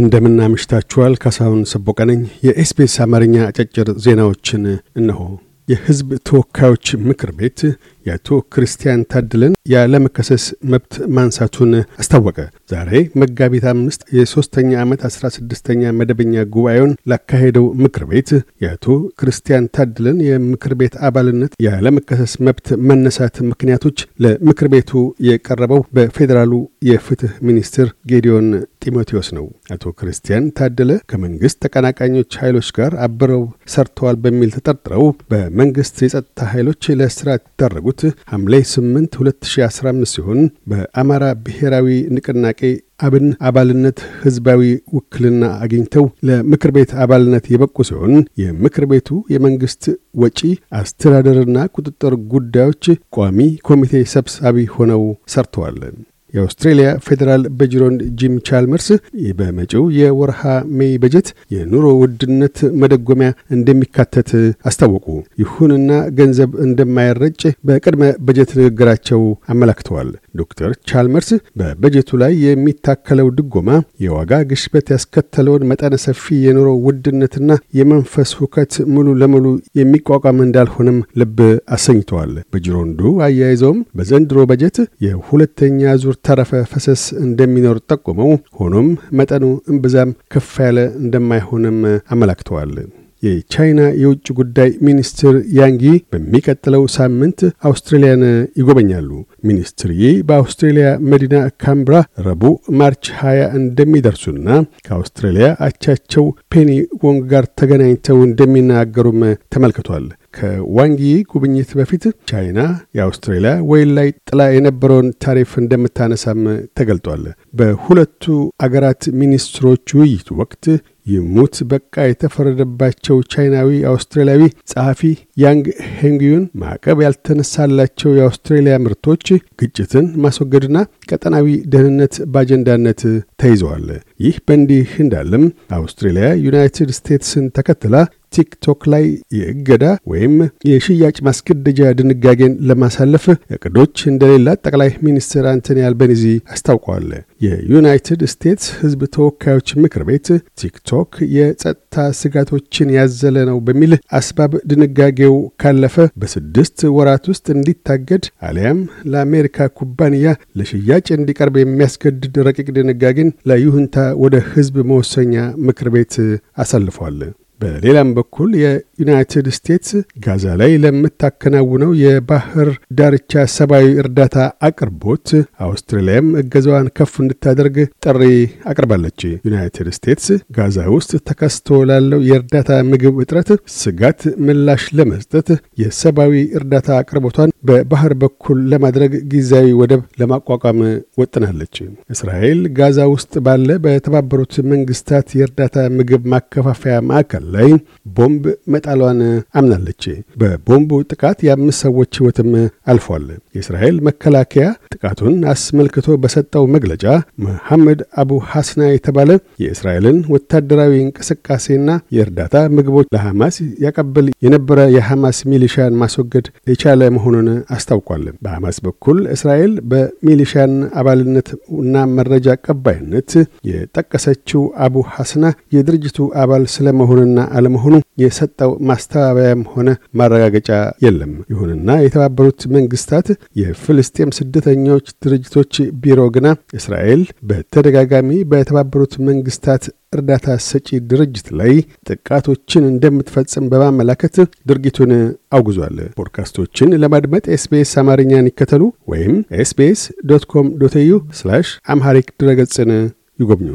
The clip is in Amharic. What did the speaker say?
እንደምናምሽታችኋል። ካሳሁን ሰቦቀ ነኝ። የኤስቢኤስ አማርኛ አጫጭር ዜናዎችን እነሆ። የሕዝብ ተወካዮች ምክር ቤት የአቶ ክርስቲያን ታድለን ያለመከሰስ መብት ማንሳቱን አስታወቀ። ዛሬ መጋቢት አምስት የሦስተኛ ዓመት አስራ ስድስተኛ መደበኛ ጉባኤውን ላካሄደው ምክር ቤት የአቶ ክርስቲያን ታድለን የምክር ቤት አባልነት ያለመከሰስ መብት መነሳት ምክንያቶች ለምክር ቤቱ የቀረበው በፌዴራሉ የፍትህ ሚኒስትር ጌዲዮን ጢሞቴዎስ ነው። አቶ ክርስቲያን ታደለ ከመንግሥት ተቀናቃኞች ኃይሎች ጋር አብረው ሰርተዋል በሚል ተጠርጥረው በመንግሥት የጸጥታ ኃይሎች ለእስራት የተዳረጉት የጀመሩት ሐምሌ 8 2015 ሲሆን በአማራ ብሔራዊ ንቅናቄ አብን አባልነት ህዝባዊ ውክልና አግኝተው ለምክር ቤት አባልነት የበቁ ሲሆን የምክር ቤቱ የመንግስት ወጪ አስተዳደርና ቁጥጥር ጉዳዮች ቋሚ ኮሚቴ ሰብሳቢ ሆነው ሰርተዋል። የአውስትሬልያ ፌዴራል በጅሮን ጂም ቻልመርስ በመጪው የወርሃ ሜይ በጀት የኑሮ ውድነት መደጎሚያ እንደሚካተት አስታወቁ። ይሁንና ገንዘብ እንደማይረጭ በቅድመ በጀት ንግግራቸው አመላክተዋል። ዶክተር ቻልመርስ በበጀቱ ላይ የሚታከለው ድጎማ የዋጋ ግሽበት ያስከተለውን መጠነ ሰፊ የኑሮ ውድነትና የመንፈስ ሁከት ሙሉ ለሙሉ የሚቋቋም እንዳልሆነም ልብ አሰኝተዋል። በጅሮንዱ አያይዘውም በዘንድሮ በጀት የሁለተኛ ዙር ተረፈ ፈሰስ እንደሚኖር ጠቁመው ሆኖም መጠኑ እምብዛም ከፍ ያለ እንደማይሆንም አመላክተዋል። የቻይና የውጭ ጉዳይ ሚኒስትር ያንጊ በሚቀጥለው ሳምንት አውስትሬልያን ይጎበኛሉ። ሚኒስትር ይ በአውስትሬልያ መዲና ካምብራ ረቡዕ ማርች 20 እንደሚደርሱና ከአውስትሬልያ አቻቸው ፔኒ ወንግ ጋር ተገናኝተው እንደሚናገሩም ተመልክቷል። ከዋንጊ ጉብኝት በፊት ቻይና የአውስትሬልያ ወይን ላይ ጥላ የነበረውን ታሪፍ እንደምታነሳም ተገልጧል። በሁለቱ አገራት ሚኒስትሮች ውይይት ወቅት ይሙት በቃ የተፈረደባቸው ቻይናዊ አውስትራሊያዊ ጸሐፊ ያንግ ሄንግዩን ማዕቀብ ያልተነሳላቸው የአውስትሬሊያ ምርቶች ግጭትን ማስወገድና ቀጠናዊ ደህንነት በአጀንዳነት ተይዘዋል። ይህ በእንዲህ እንዳለም አውስትሬልያ ዩናይትድ ስቴትስን ተከትላ ቲክቶክ ላይ የእገዳ ወይም የሽያጭ ማስገደጃ ድንጋጌን ለማሳለፍ እቅዶች እንደሌላ ጠቅላይ ሚኒስትር አንቶኒ አልበኒዚ አስታውቀዋል። የዩናይትድ ስቴትስ ህዝብ ተወካዮች ምክር ቤት ቲክቶክ የጸጥታ ስጋቶችን ያዘለ ነው በሚል አስባብ ድንጋጌው ካለፈ በስድስት ወራት ውስጥ እንዲታገድ አሊያም ለአሜሪካ ኩባንያ ለሽያጭ እንዲቀርብ የሚያስገድድ ረቂቅ ድንጋጌን ለይሁንታ ወደ ህዝብ መወሰኛ ምክር ቤት አሳልፏል። በሌላም በኩል የዩናይትድ ስቴትስ ጋዛ ላይ ለምታከናውነው የባህር ዳርቻ ሰብአዊ እርዳታ አቅርቦት አውስትራሊያም እገዛዋን ከፍ እንድታደርግ ጥሪ አቅርባለች። ዩናይትድ ስቴትስ ጋዛ ውስጥ ተከስቶ ላለው የእርዳታ ምግብ እጥረት ስጋት ምላሽ ለመስጠት የሰብአዊ እርዳታ አቅርቦቷን በባህር በኩል ለማድረግ ጊዜያዊ ወደብ ለማቋቋም ወጥናለች። እስራኤል ጋዛ ውስጥ ባለ በተባበሩት መንግስታት የእርዳታ ምግብ ማከፋፈያ ማዕከል ላይ ቦምብ መጣሏን አምናለች። በቦምቡ ጥቃት የአምስት ሰዎች ሕይወትም አልፏል። የእስራኤል መከላከያ ጥቃቱን አስመልክቶ በሰጠው መግለጫ መሐመድ አቡ ሐስና የተባለ የእስራኤልን ወታደራዊ እንቅስቃሴና የእርዳታ ምግቦች ለሐማስ ያቀብል የነበረ የሐማስ ሚሊሻን ማስወገድ የቻለ መሆኑን አስታውቋል። በሐማስ በኩል እስራኤል በሚሊሻን አባልነት እና መረጃ ቀባይነት የጠቀሰችው አቡ ሐስና የድርጅቱ አባል ስለመሆንና ዋስትና አለመሆኑ የሰጠው ማስተባበያም ሆነ ማረጋገጫ የለም። ይሁንና የተባበሩት መንግስታት የፍልስጤም ስደተኞች ድርጅቶች ቢሮ ግና እስራኤል በተደጋጋሚ በተባበሩት መንግስታት እርዳታ ሰጪ ድርጅት ላይ ጥቃቶችን እንደምትፈጽም በማመላከት ድርጊቱን አውግዟል። ፖድካስቶችን ለማድመጥ ኤስቤስ አማርኛን ይከተሉ ወይም ኤስቤስ ዶት ኮም ዶት ዩ አምሃሪክ ድረገጽን ይጎብኙ።